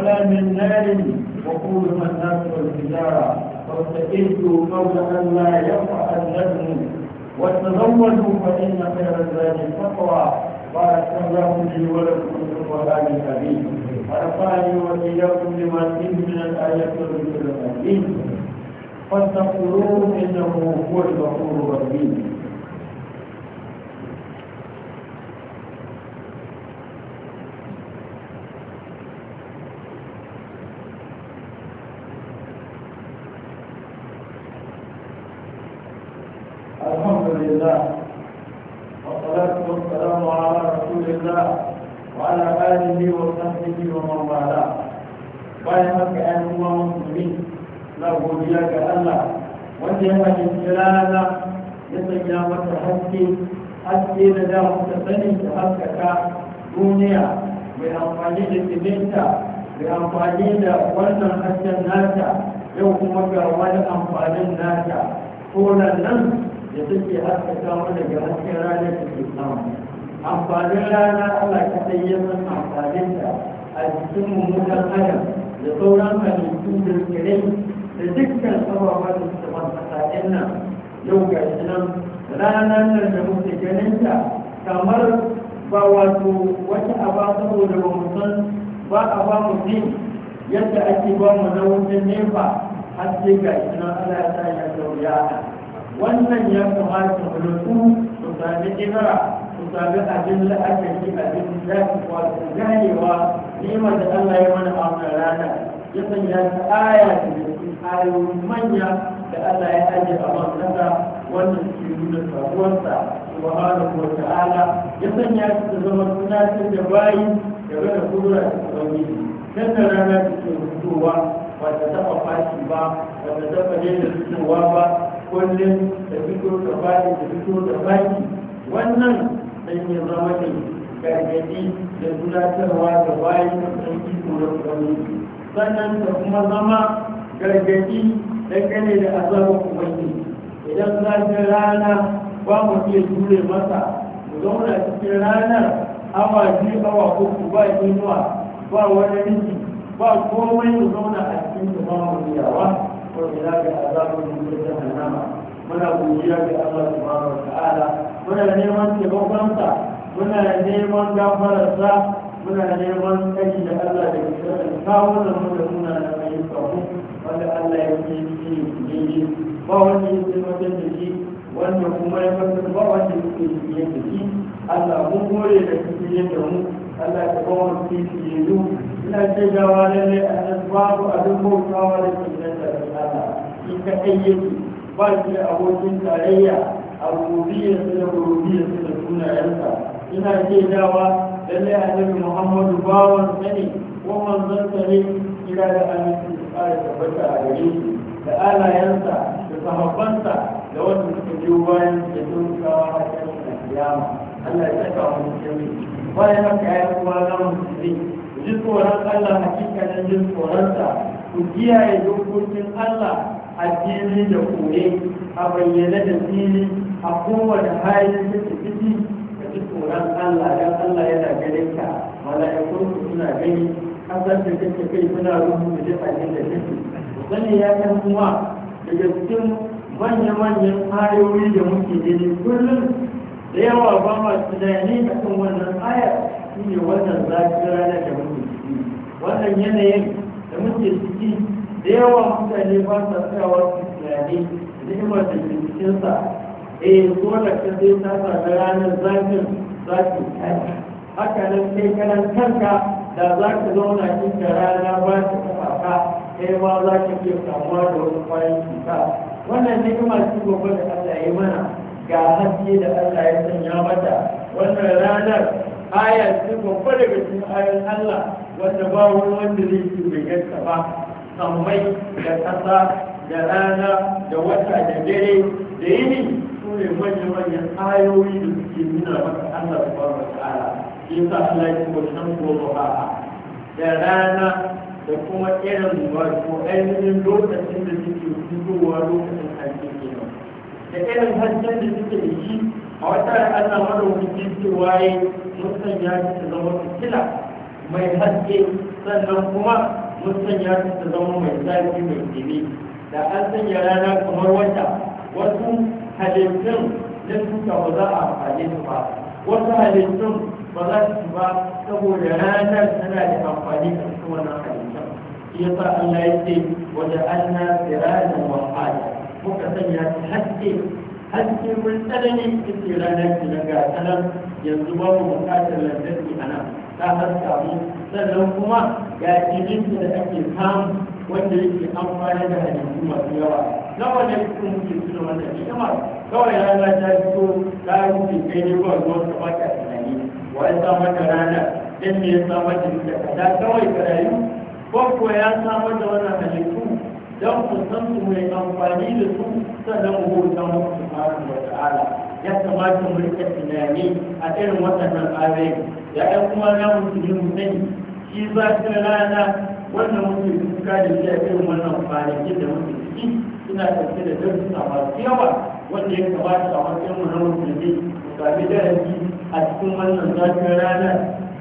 ولا من نار وقولها الناس والحجارة واستئذوا قبل أن لا يقع الندم وتزوجوا فإن خير الزاد التقوى بارك الله لي ولكم في القرآن الكريم ورفعني وإياكم لما فيه من الآية والذكر الحكيم فاستغفروه إنه هو الغفور الرحيم الله والصلاة والسلام على رسول الله وعلى آله وصحبه ومن والاه bayan haka ‘yan uwa musulmi na godiya ga Allah wanda ya fahimci rana ya sanya mata haske haske da da ta sani ta haskaka duniya mai amfani da siminta mai amfani da wannan hasken nata yau kuma ga wani amfanin nata ko nan da suke haskaka mana daga hasken ranar da ke samu amfanin rana Allah ka san ya san da a jikin mummunan adam da sauran halittu da kirai da dukkan sababan da suka masaka nan yau ga shi nan ranar nan da muke ganin ta kamar ba wato wata aba saboda ba mu san ba a ba mu yadda ake ba mu na wajen nefa har sai ga shi nan Allah ya sa ya sauya wannan ya kamata hulutu su sami ibra su sami abin la'akari abin da zafi kwasu ganewa neman da Allah ya mana a rana ya ya ta aya da cikin ayoyin manya da Allah ya ajiye a wannan wannan ke nuna sabuwarsa su ba subhanahu wa ta'ala ya ya ta zama tunatar da bayi da da kura da ubangiji kanta da rana take fitowa ba ta taɓa fashi ba ba ta taɓa daina fitowa ba kullum da fito da baki da fito da baki wannan sai ya zama da gargadi da tunatarwa da bayan da iko na ubangiji sannan da kuma zama gargadi kane da azabar ubangiji idan ka rana ba mu iya jure masa mu zauna cikin ranar awa biyu awa uku ba inuwa ba wani riki ba komai mu zauna a cikin da ba وإلاك عذاب من جهنم muna godiya ga Allah subhanahu wata'ala muna neman taimakonsa muna neman gafararsa muna neman kashi da Allah da ke kawo da mu da da wanda Allah ya yi shi ne ba ya da shi wanda kuma ya fasar ba ya shi ne da shi Allah mun gore da shi ne da mu Allah ya shi ne ina ce gawa lalle a nan babu abin bautawa da كأيّ باجل أبو جنت أليا أبوذية لأبوذية لتكون عرفة إنا كي جاوة للي أهل محمد باوا سني ومن ذلك لي إلى الآن في بتا عليك لآلا ينسى لصحبانتا لو أنت تجيوبان يدون كواها كنت أحيام الله يتكاو من جميع وينك عيب وعلم السرين جزء ورقا الله حقيقة جزء ورقا وديها يدون كنت الله a fili da koyi a bayyane da fili a kowane hali da ke ciki da ji tsoron Allah don Allah yana ganin ka mala'ikun suna gani kasar da kake kai suna da duk abin da kake sani ya kan kuma daga cikin manya-manyan ayoyi da muke gani kullum da yawa ba ma tunani a kan wannan aya shi ne wannan zafi ranar da muke ciki wannan yanayin da muke ciki da yawa mutane ba sa tsayawa su tunani ni'imar da ke sa? eh da ka sai ta da ranar zafin za ki kai haka nan sai kanan kanka da za ka zauna cikin rana ba ta tsaka, ka kai ma za ka iya kamuwa da wani kwayan cuta wannan ni'ima ce gobe da Allah ya mana ga haske da Allah ya sanya mata wannan ranar aya ce gobe daga cikin ayoyin Allah wanda ba wani wanda zai ci bai ba samai da ƙasa da rana da wata da dare da yini su ne manya-manyan ayoyi da suke nuna maka Allah su ba wa ta'ala shi sa Allah ya kuma shan kuma ba da rana da kuma irin wato ainihin lokacin da suke fitowa lokacin hajji nan da irin hajjin da suke da shi a wata Allah madaukakin cewa ya ya ta zama fitila mai haske sannan kuma mun sanya su ta zama mai zafi mai tsini da an sanya rana kamar wata wasu halittun na tuka ba za a amfani su ba wasu halittun ba za su ba saboda ranar tana da amfani a cikin wannan halittun shi sa Allah ya ce waje an na tsiranin wahala muka sanya su haske haske mun tsanani ita ranar ki na gasa yanzu yanzu babu bukatar lantarki a nan ta samu sannan kuma ya ce da ake samu wanda yake amfani da hajjiku masu yawa nawa ne kuma muke suna wannan kama kawai rana ta fito ta rufe kai ne kawai ruwan ta baka tunani wa ya sa mata rana dan me ya samu da da kada kawai ka rayu ko ko ya samu da wannan hajjiku dan ku san su mai amfani da su sannan mu huta mu subhanahu wa ya kamata mu rika tunani a irin waɗannan ayoyi ya ɗan kuma na musulmi mu sani shi zafin rana wannan muke ka da shi a irin wannan kwanaki da muke ciki suna tafi da darussa masu yawa wanda ya kamata a matsayin mu na musulmi mu sami daraji a cikin wannan zafin rana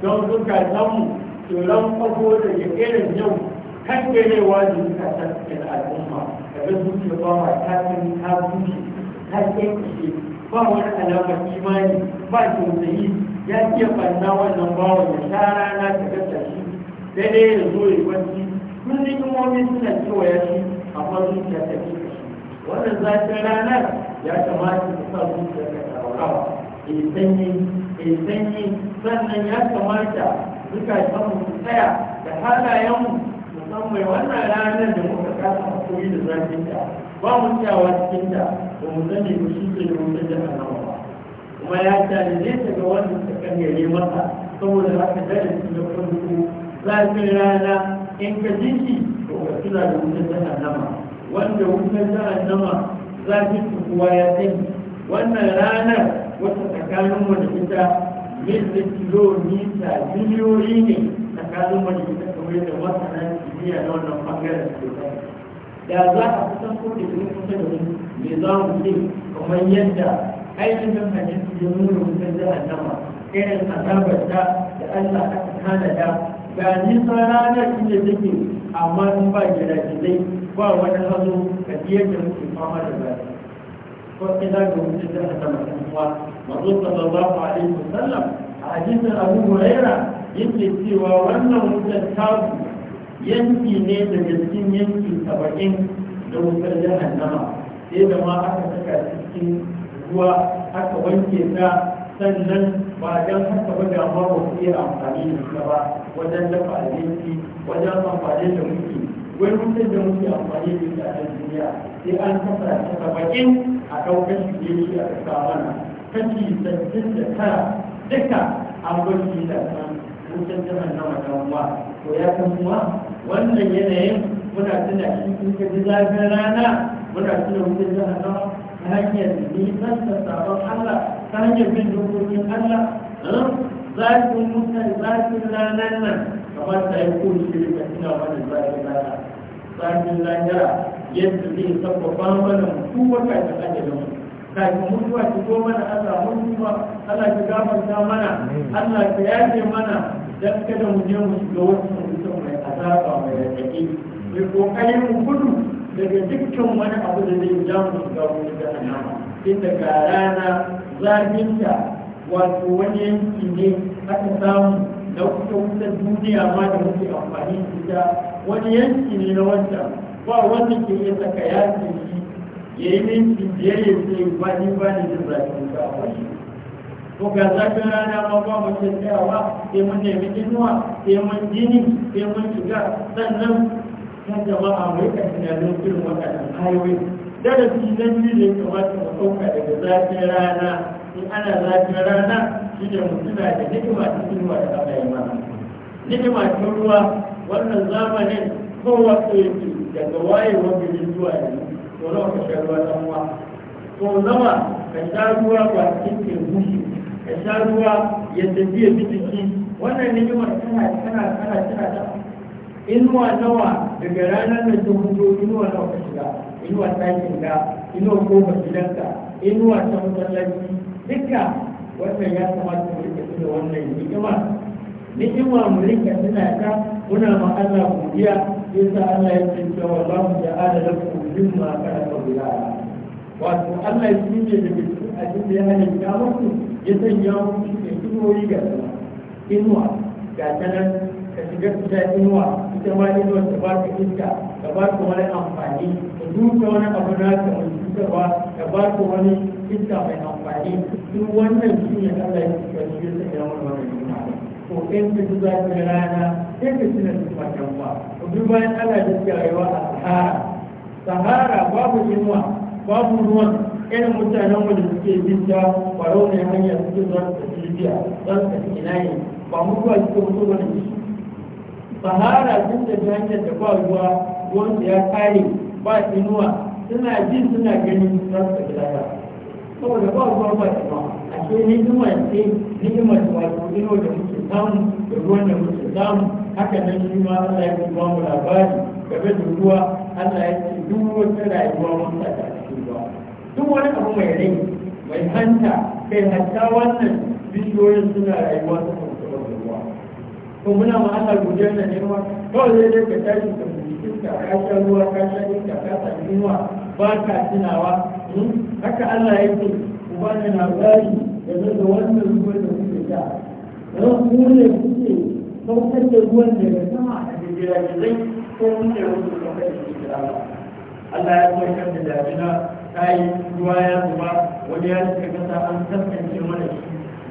don zukatanmu tsoron kwafo da ke irin yau kan garewa da zukatan da al'umma daga zuciya ba ma ta sun ta zuci ta ba wani alamar imani ba tausayi ya ce fanna wannan bawa ya sha rana ta gasa shi sai dai ya zo ya kwanci kullum imomi suna cewa ya shi a zuciya ta ke kashi wannan zafin ranar ya kamata ta sa zuciya ta taurawa ya sanyi ya sanyi sannan ya kamata suka mu su tsaya da halayen mu musamman wannan ranar da muka kasa hakuri da zafin ta ba mu cewa cikin ta ba mu zane ba shi ke da mutum da ba kuma ya tare ta ga wanda ta karyare masa saboda haka dare su da farko zafin rana in ka ji shi to ka tuna da wutar nama wanda wutar jahannama zafin su kuwa ya sani wannan ranar wata tsakanin mu da ita yadda kilomita miliyoyi ne tsakanin mu da ita kamar yadda masana kimiyya na wannan bangaren sosai da za a kusan ko da da mu me za mu ce kamar yadda aikin nan kan yin domin rubutun jahannama irin azabar da da Allah aka tanada ga nisan ranar inda take amma in ba ba wani hazo da muke fama da ko mazo sallallahu alaihi wasallam a hadisin abu huraira yake cewa wannan wutar tabu yanki ne daga cikin yanki saba'in da wutar jahannama sai da ma aka saka cikin ruwa aka wanke ta sannan ba don haka ba da ma ba iya amfani da ita ba wajen dafa abinci wajen amfani da muke wai mutum da muke amfani da ita a duniya sai an kasa ta bakin a kan kashi ne shi a sa mana kashi sassin da tara duka an gwaji da kan wutan jihar na wajen wa to ya kan kuma wannan yanayin muna tuna shi kun ka ji zafin rana muna tuna mutum da na ta hanyar nisan da sabon Allah ta hanyar bin dokokin Allah eh, zafin mutan zafin ranar nan kamar da ya kone shi da ina wani zafin rana zafin lahira yadda zai sabbaba mana mutu wata da ajalin kafin mutuwa ki zo mana Allah mutuwa Allah ki gafarta mana Allah ki yafe mana dan kada mu je mu shiga wasu mutum mai azaba mai raɗaɗi mai kokarin mu gudu daga dukkan wani abu da zai ja mu shiga wani jahannama inda ga rana zafinta wato wani yanki ne aka samu na kusa kusa duniya ma da muke amfani da ita wani yanki ne na wancan ba wanda ke iya saka yaki shi ya yi minti biyar ya ce ba ni ba ni jin zafin ka a wani ko ga zafin rana ma ba mu ce tsayawa sai mun nemi inuwa sai mun jini sai mun shiga sannan ta jama'a mai ka tunanin irin waɗannan hanyoyi darasi na biyu da ya kamata mu ɗauka daga zafin rana in ana zafin rana shi ne mu tuna da ni'ima cikin ruwa da Allah ya mana ni'ima cikin ruwa wannan zamanin kowa ko yake daga wayewar gari zuwa yanzu to nawa ka sha ruwa ɗan uwa to nawa ka sha ruwa ba cikin teku ka sha ruwa ya tafi ya fi jiki wannan ni'imar tana tana tana tana ta inuwa nawa daga ranar da ta hudu inuwa nawa ka shiga inuwa ɗakin ka inuwa goma gidanka inuwa ta masallaci duka wannan ya kamata mu rika tuna wannan ni'ima ni'ima mu rika tuna ta muna ma Allah godiya yasa Allah ya ce cewa ba mu da ala lakum ka da qabila wato Allah shi ne da cikin a da ya ka muku ya sanya muku cikin inuwoyi ga inuwa ga ta nan ka shiga ta inuwa ita ma inuwa ta ba ka iska ka ba ka wani amfani ka duka wani abu na ka mai cutarwa ka ba ka wani iska mai amfani duk wannan shi ne Allah ya shiga shi ya sanya mana wannan juna to in ka ji za ka rana sai ka tuna su fatan ba to duk bayan Allah ya shiga rayuwa a sahara sahara babu inuwa babu ruwan irin mutanen wanda suke binta farau ne hanyar suke zuwa su tafi libya za su tafi ina ne ba mutuwa suke mutu wani sahara sun tafi hanyar da ba ruwa wanda ya kare ba inuwa suna jin suna ganin za su tafi lafiya saboda ba ruwa ba inuwa a ce ni'imar ce ni'imar wato ino da muke samu da ruwan da muke samu haka nan shi ma Allah ya ba mu labari game da ruwa Allah ya ce duk wata rayuwa mun saka ta cikin ruwa duk wani abu mai rai mai hanta kai hatta wannan bishiyoyin suna rayuwa to muna ma ana godiyar da nema kawai zai zai ka tashi ka bincin ka ka sha ruwa ka sha iska ka sami yunwa ba ka tunawa hmm? haka Allah ya ce ubana na bari da zai da wannan ruwan da kuke sha ran ku ne kuke saukar da ruwan daga sama a jirgin ko kuke ruwan da kuke sha Allah ya kuma saukar da damina ta yi ruwa ya zuba wani ya cika kasa an tantance mana shi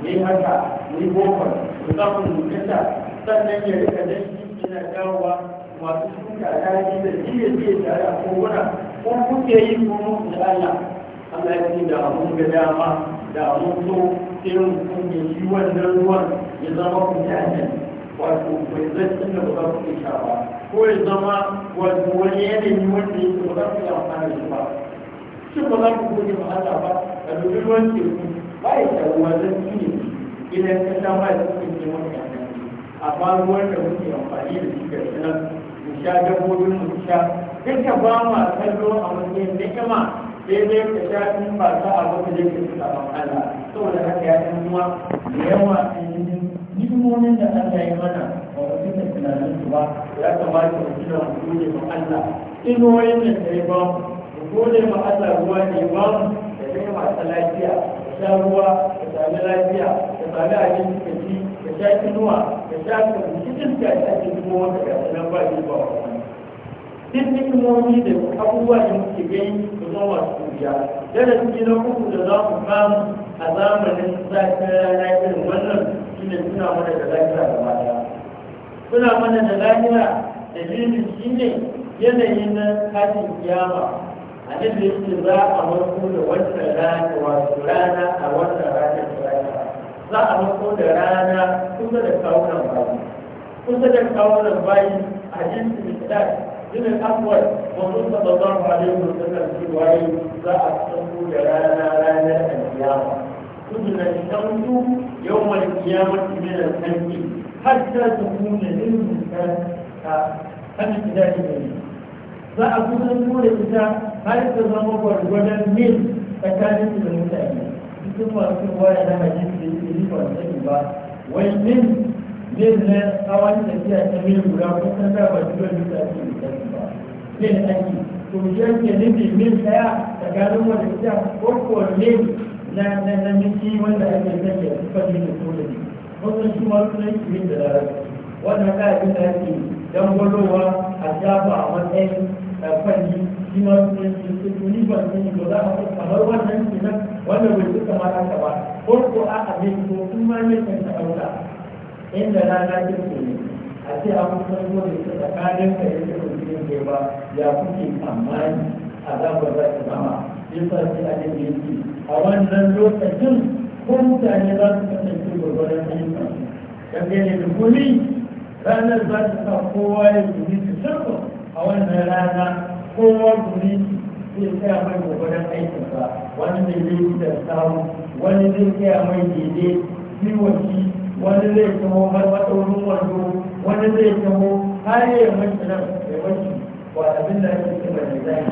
ne haka ne bokon da zafin mutunta sannan ya rika dangi yana dawowa masu shuka daji da jiye jiye tare a koguna ko kuke yi kuma da Allah Allah ya ce da mun ga dama da mun so irin kun ya shi wannan ruwan ya zama ku jajen wato bai zai da ba za ku sha ba ko ya zama wato wani yanayi wanda ya ba za ku yi amfani da ba shi ba za ku gode ma Allah ba a duk ruwan teku ba ya taruwa zai ne idan ka sha ba ya kuke maka amma ruwan da muke amfani da shi ga nan mu sha dabbobin mu sha duka ba ma kallo a matsayin ni'ima sai dai ka sha in ba sa a wata da ke suka ban Allah saboda haka ya san kuma da yawa a yanzu nimomin da Allah ya mana ba mu duka tunanin su ba ya kamata mu kira mu gode ma Allah inoyin da ta yi ba mu gode ma Allah ruwa ne ba mu da ta yi lafiya da sha ruwa da sami lafiya da sami abinci da ci sha inuwa da sha kwanci iska ta ke kuma wata gasa nan ba shi ba wani duk hikimomi da abubuwa da muke gani da zama masu kuriya darasi na uku da za mu samu a zamanin zafin rana irin wannan shi suna mana da lafiya da mata suna mana da lafiya dalilin shi ne yanayi na katin kiyama a nan da yake za a mako da wannan rana wato rana a wannan rana za a mako da rana kusa da kawunan bayi kusa da kawunan bayi a jinsu misali jinin abuwar wani sababban halin musulman cewaye za a tsanko da rana ranar alkiyama kudin shamsu yau mai kiyamati min alkanki hatta tukuna lil mutanka kan kidaki ne za a kusanto da ita har ta zama gwargwadon mil tsakanin da mutane cikin masu waya na hadisi da yake ba wai min min na tsawon tafiya ta min guda ko san da ba duk da ake misali ba min aiki to shi yake nufi min daya tsakanin wani ta ko ko min na na na miki wanda ake sanya ya fadi da dole ne wannan shi ma sunan shi min da larabci wannan ka abin da ake dangwalowa a shafa a matsayin eh, fanni shi ma su ne su ce tuni ba su yi ba za a kai kamar wannan kenan wanda bai duka ma haka ba ko ko a a ne ko kuma ne kan ta aura inda rana ta ce ne a ce a kun san da ita tsakanin ka yake ko mutum ke ba ya kuke tsammani a za ta zama yasa sai a ne yake a wannan lokacin ko mutane za su kasance gwargwaron ayyukan dangane da gumi ranar za ta sa kowa ya yi su a wannan rana kowa guri zai tsaya mai aikin ba wani zai zai da samu wani zai tsaya mai daidai kiwonki wani zai taho har matsaurin wando wani zai taho har ya mace nan ya mace ba abin da ake cewa da zai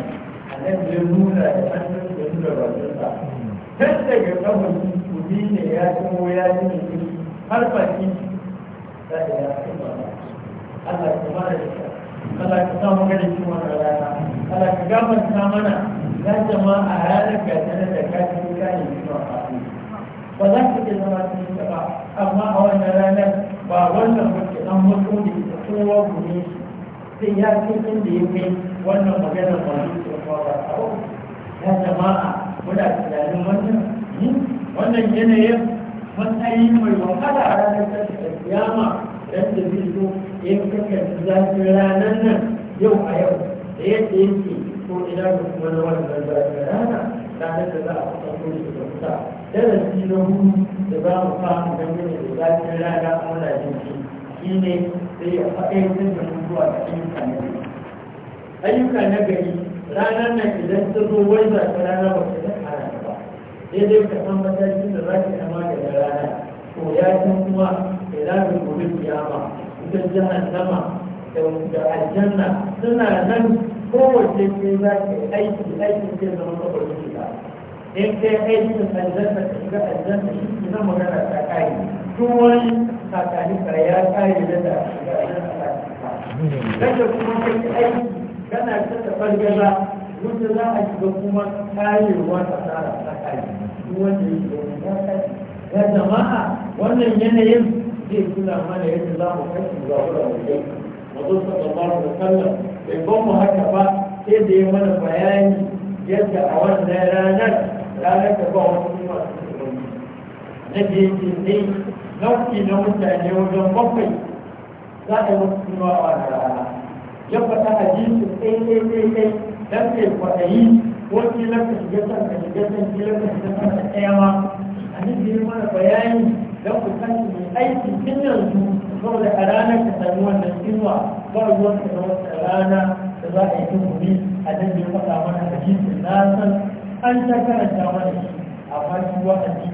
a nan zai nuna da hannun da nuna rajinsa kan daga kamar kudi ne ya taho ya yi ne kudi har baki za a yi a cikin ba Allah ya kuma da shi Allah ya samu ganin ciwon rana Allah ka gafarta mana ya jama'a ranar gajiyar da ka ci wuta ne zuwa kafin ba za ka ke zama cikin ta ba amma a wannan ranar ba wannan mutu an mutu da ita kowa gune shi sai ya ce inda ya kai wannan maganar ba ne ta kowa ba ta ya jama'a muna tunanin wannan wannan yanayin matsayi mai wahala a ranar tashi da kiyama don da zai zo ya kasance zafin ranar nan yau a yau da yadda yake ko ina da kuma na wannan zafin rana ta da za a kusa ko da ta kusa darasi na hudu da za mu samu dangane da zafin rana a muna jinki shi ne sai ya faɗaitar da zuwa ga ayyuka na gari ayyuka na gari ranar nan idan ta zo wai ta rana ba ta hana ba daidai ka san matakin da za ka yi maganin rana to ya san kuma da za ka gobe kiyama ita jihar zama. da aljanna suna nan kowace ce za ka yi aiki aiki zai zama saboda shi ba in kai aikin aljanna ka shiga aljanna shi ke zama magana ta kai duk wani sakani ka ya kai da da shiga aljanna ta kai kada kuma kai aiki kana ta fargaza wanda za a shiga kuma kayewa ta tsara ta kai duk wanda ya shiga ta kai ya jama'a wannan yanayin zai kula mana yadda za mu kashe zuwa wurin mazo sallallahu alaihi wasallam bai ban mu haka ba sai da ya mana bayani yadda a wannan ranar ranar da ba wasu kuma na da yake ne nauki na mutane wajen bakwai za a yi wasu kuma a wannan rana ya faɗa hadisi ɗai ɗai ɗai ɗai dan bai kwaɗayi ko kila ka shiga san ka shiga san kila ka shiga san ka ɗaya ma a nan da ya mana bayani don ku san mai aiki tun yanzu saboda a ranar ka sami wannan inuwa ba ruwan ka da wata rana da za a yi tuhumi a nan da ya faɗa mana hadisin na san an ta karanta mana shi a amma shi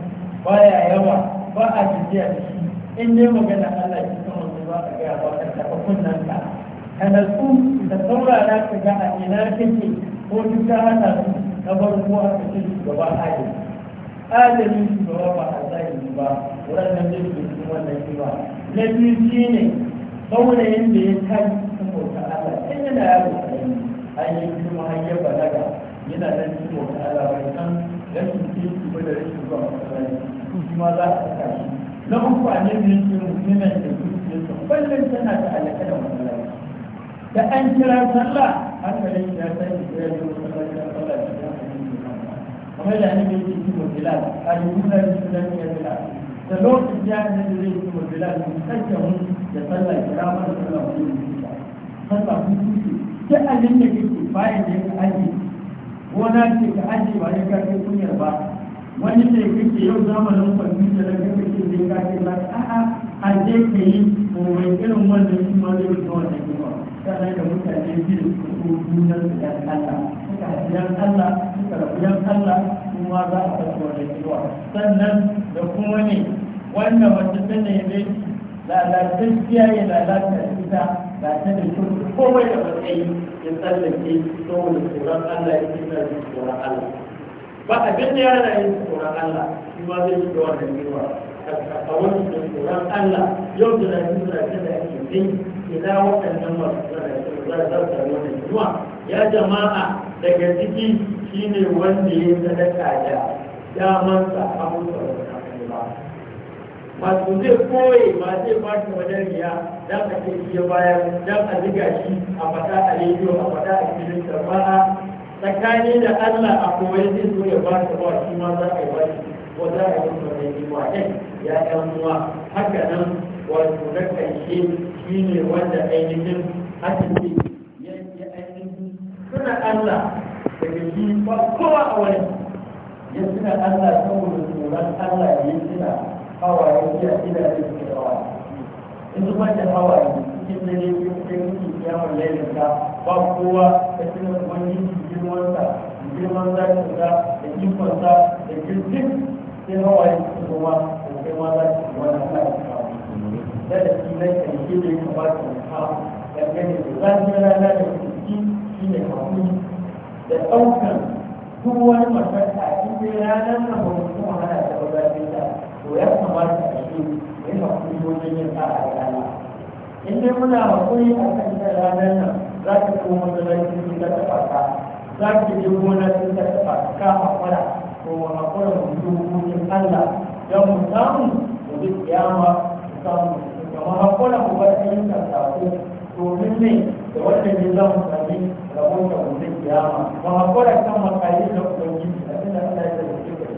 Ba ya yawa ba a tafiya da shi in dai magana Allah ya kuma wanda a gaya ba ka taɓa kunnen ka ka natsu da saurara ka ga a ina kake ko duk ta hana su na farko aka ce shugaba adali adali shugaba ba a zahiri ba waɗannan zai ke cikin wannan ba na biyu shi ne saurayin da ya kai saboda Allah sai yana yaro karami an yi kuma har balaga yana da saboda Allah bai san rashin shi ko da rashin zuwa masallaci kuma za a saka shi na uku a ne ne ke yana da zuciyarsa kullum tana da alaƙa da masallaci da an kira sallah hankalin ya sani da ya zo masallaci a sallah shi ya kamar shi ne ke cikin mutila a yi nuna da sunan ya da lokacin ya ne da zai kuma bila da kanta mun da sallah kira ma da sallah mun da sallah mun kuce sai abin da kake bayan da yake aji gona ce ka aji ba ya kake kunyar ba wani ne kake yau zamanin kwamfuta da kake ce zai kake ba a'a har dai ka yi mai irin wannan shi ma zai wuce wannan kuma sannan da mutane biyu ko junan da ya kasa suka hajiyar Allah suka rabiyar Allah kuma za a fasa da cewa sannan da kuma ne wanda wata tana ya zai lalatacciya ya lalata ita ga ta da kyau komai da matsayi ya tsallake saboda tsoron Allah ya kira da tsoron Allah ba abin da yana yin tsoron Allah shi ma zai shiga wannan girma a wani tsoron Allah yau da na yi da ake dawo ina waɗannan masu tsoron za a samu wannan ya jama'a daga ciki shine wanda ya sadaka da damansa a wata ba wato zai koye ba zai ba shi wadariya don a ce iya bayar don a ziga shi a fata a rediyo a fata a filin jama'a tsakani da allah a koyi zai zo ya ba ta ba shi ma za a yi ba shi ko za a yi wani yi wa ɗin ya ɗan haka nan wato na ƙarshe shi ne wanda ainihin aka ce yanke ainihin suna Allah daga shi ba kowa a wani ya suna Allah saboda tsoron Allah ya yi suna hawaye ya ina da suke da in su bata hawaye cikin dare ko kai mutum kiyamar laifinka ba kowa ka kuma ubangiji girmansa girman zakinsa da ikonsa da girgin sai hawaye su kuma da kai ma za su kuma na kai da shi na karshe da ya dangane da zafin rana da kuki shi ne hakuri da ɗaukar duk wani mafarka a cikin ranar na bautu kuma hana ta ba zafin ta to ya kamata a shi ya hakuri wajen yin sa'a da rana in dai muna hakuri a kan ta ranar nan za ka koma da laifin da ta fata za ka je gona sun ta taɓa ka haƙura ko wa haƙura mu yi hukumin Allah don mu samu mu bi kiyama mu samu mu kama haƙura mu bar ayyukan sako domin ne da wannan ne za mu sami rabon da mutum kiyama ba haƙura kan makarin da ubangiji da tunda Allah ya zarge ka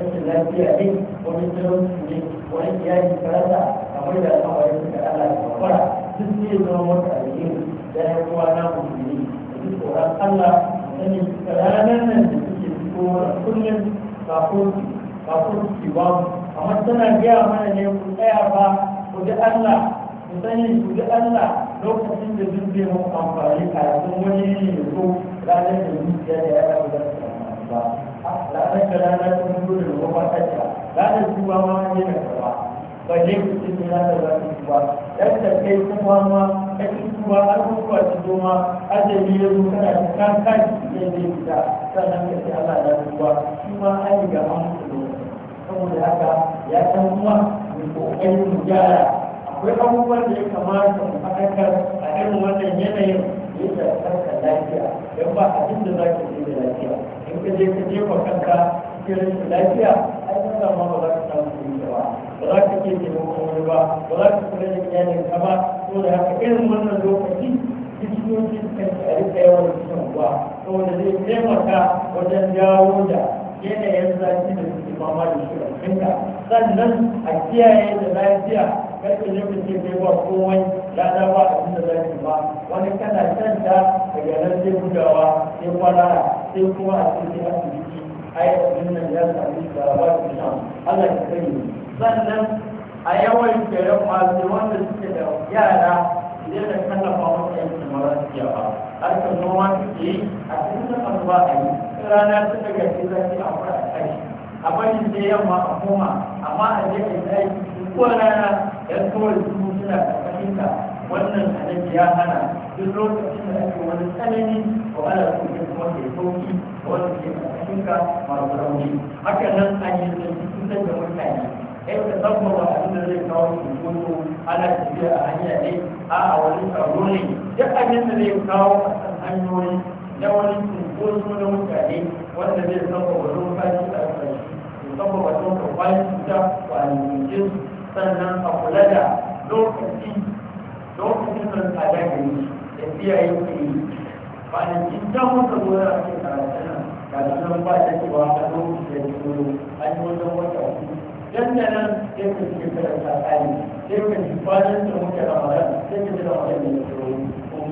rashin lafiya ne wani su ne wani iyali karasa kamar da kan wani da Allah ya haƙura duk zai zama wata alheri da ya kuwa na musulmi da duk tsoron Allah sani ranar nan da suke fito wani kullum kafin kafin kiwa amma tana gaya mana ne ku tsaya ba ku ji Allah sani su Allah lokacin da sun zai mun amfani kafin wani ne ya so ranar da zuciya da ya rabu da su ba ranar da ranar da sun gudu da kuma kacca ranar su ma ne da karba ba ku ce ne ranar da su ba da kai kuma ma kacin kuma abubuwa su zo ma ajali ya zo kana da kankan ne zai fita sannan ka ce Allah ya su shi ma an riga an mutu saboda haka ya san kuma mu kokari mu gyara akwai abubuwan da ya kamata mu faɗakar a irin wannan yanayin da ya shafi lafiya don ba abin da za ka je da lafiya in ka je ka jefa kanka cikin rashin lafiya ai ba ma ba za ka samu kuɗi ba ba za ka ke taimakon wani ba ba za ka kula da ka ba ko da haka irin wannan lokaci likitoci kan a rika yawan shan ruwa saboda zai taimaka wajen jawo da yanayin zafi da suke fama da shi a sannan a kiyaye da lafiya kake ne ku ce kai wa kowai ya da ba abin da zai ba wani kana can da daga nan sai gudawa sai kwalara sai kuma a cikin asibiti ai abin nan ya sami da ba su shan Allah ya kai sannan a yawan da masu sai wanda suke da yara idan da tallafa wasu yankin marasiya ba harkar noma suke yi a cikin da ba a yi rana ta daga ce zafi a fara kai a bari sai yamma a koma amma a je a yi ko rana dan kawai su suna karkashin ka wannan hadisi ya hana duk lokacin da ake wani tsanani wa ala su ke kuma ke sauki a wanda ke karkashin ka masu rauni haka nan an yi da da mutane ɗaya da zama ba abin da zai kawo cunkoso ana tafiya a hanya ne a a wani tsaro ne duk abin da zai kawo a kan hanyoyi na wani cunkoso na mutane wanda zai zama wa lokaci a ƙarshe zama wa lokaci bayan cuta wa alimin jinsu sannan a kula da lokacin lokacin da ta da gari da kiyaye ku yi kwanakin ta muka zo da ake karatu nan da nan ba ta cewa a lokacin da ke zo yi wajen wata uku dan da nan sai ka ce karanta tsari sai ka ji kwanan da muke ramadan sai ka ji ramadan da ko zo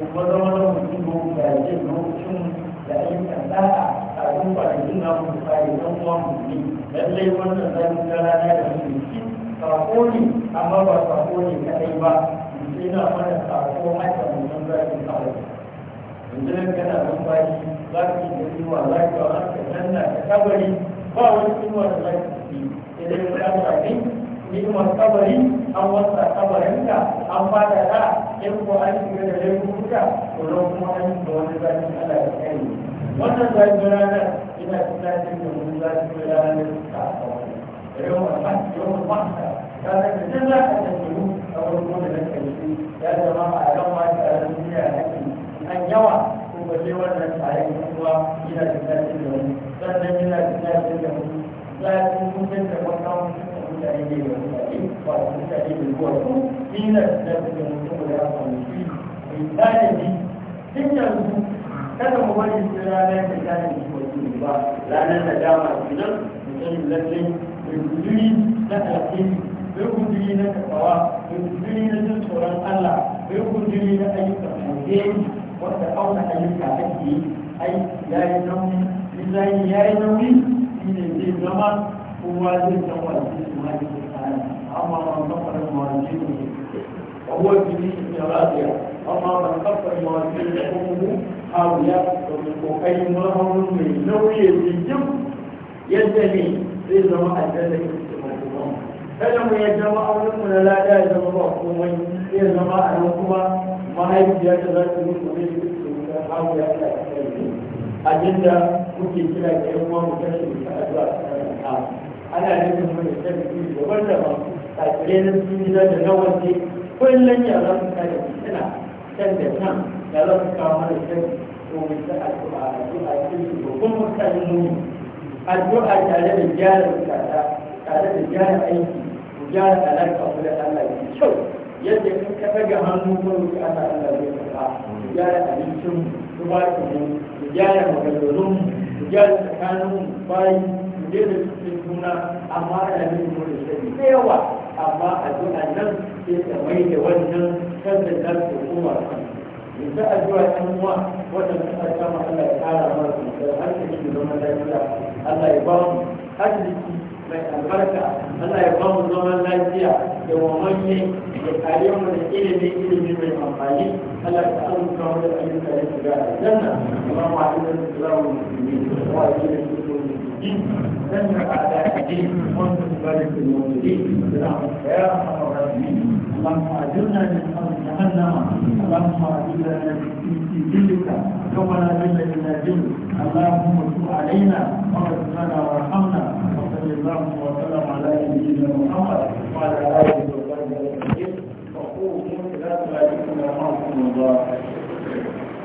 kuma zama na mutum ko ga yake lokacin da ayyukan ta da kwanakin ta da tsari don kuma mutum lallai wannan zai gara na da mutum sako ne amma ba sako ne kadai ba na mana sako haka mu nan za ki kawo yanzu kana numfashi za ki da yiwa za ki wa haka nan na ta kabari ba wani inuwa da za ki idan ka ni kuma kabari an wasa kabarinka an fada da in ko an shiga da laifuka to nan kuma an yi da wani zafi Allah ya kai wannan zafi ranar ina tunanin da wani zafi ranar ka da yawan ta wani da ya zama a an yawa ko ba sai wannan da a yi ba yanzu kada mu bari su ba guduri na alƙini bai guduri na takawa bai guduri na jin tsoron Allah bai guduri na ayyukan mauke wanda auna ayyuka ake yi ai ya yi nauyi misali ya yi nauyi shi ne zai zama kowa zai san wajen su ma yi tsari amma ban kafar mawaje ne وهو جميع الجراثيم أما من كفر مواجهة قومه حاول يأخذ من قومه من نوعية الجب يدني zai zama aljanna ita kuma makoma mu ya zama auren mu na lada ya zama ba komai zai zama a nan kuma mahaifiya ta za ta mutu ne su su ta hawo ya ta abinda muke kira da yan uwa mu kashe mu ta addu'a ana nufin mu da tafi daban-daban kafirai na duniya da na waje ya za su kare fitina can da can ya za su kawo mana shan domin ta addu'a addu'a cikin babban mutane mu addu'a tare da gyara bukata tare da gyara aiki ku gyara alaƙa ku da Allah mai kyau yadda in ka daga hannu ko ku ana Allah zai karɓa ku gyara abincin ku ba ku mu ku gyara maganganun ku gyara tsakanin bayi ku daina cikin juna amma ana yin mu da shi da yawa amma addu'a nan sai ta mai da wannan sanda za su koma kan in ta addu'a ɗan uwa wannan kasar ta Allah ya ƙara mana sosai har ta yi zaman lafiya Allah ya ba mu arziki mai albarka Allah ya ba mu zaman lafiya da wamanye da kare mu da ilimi ilimi mai amfani Allah ya alƙa mu da ayyuka da shiga aljanna amma ma ina da zamu musulmi wa ina da su sannan a da addini wanda su bari su yi musulmi da na mu اللهم اجرنا من حر جهنم اللهم اجرنا في ذلك يوم لا ذل الا ذلك اللهم تب علينا وارزقنا وارحمنا وصل اللهم وسلم على نبينا محمد وعلى اله وصحبه وسلم وقوموا الى صلاتكم يا الله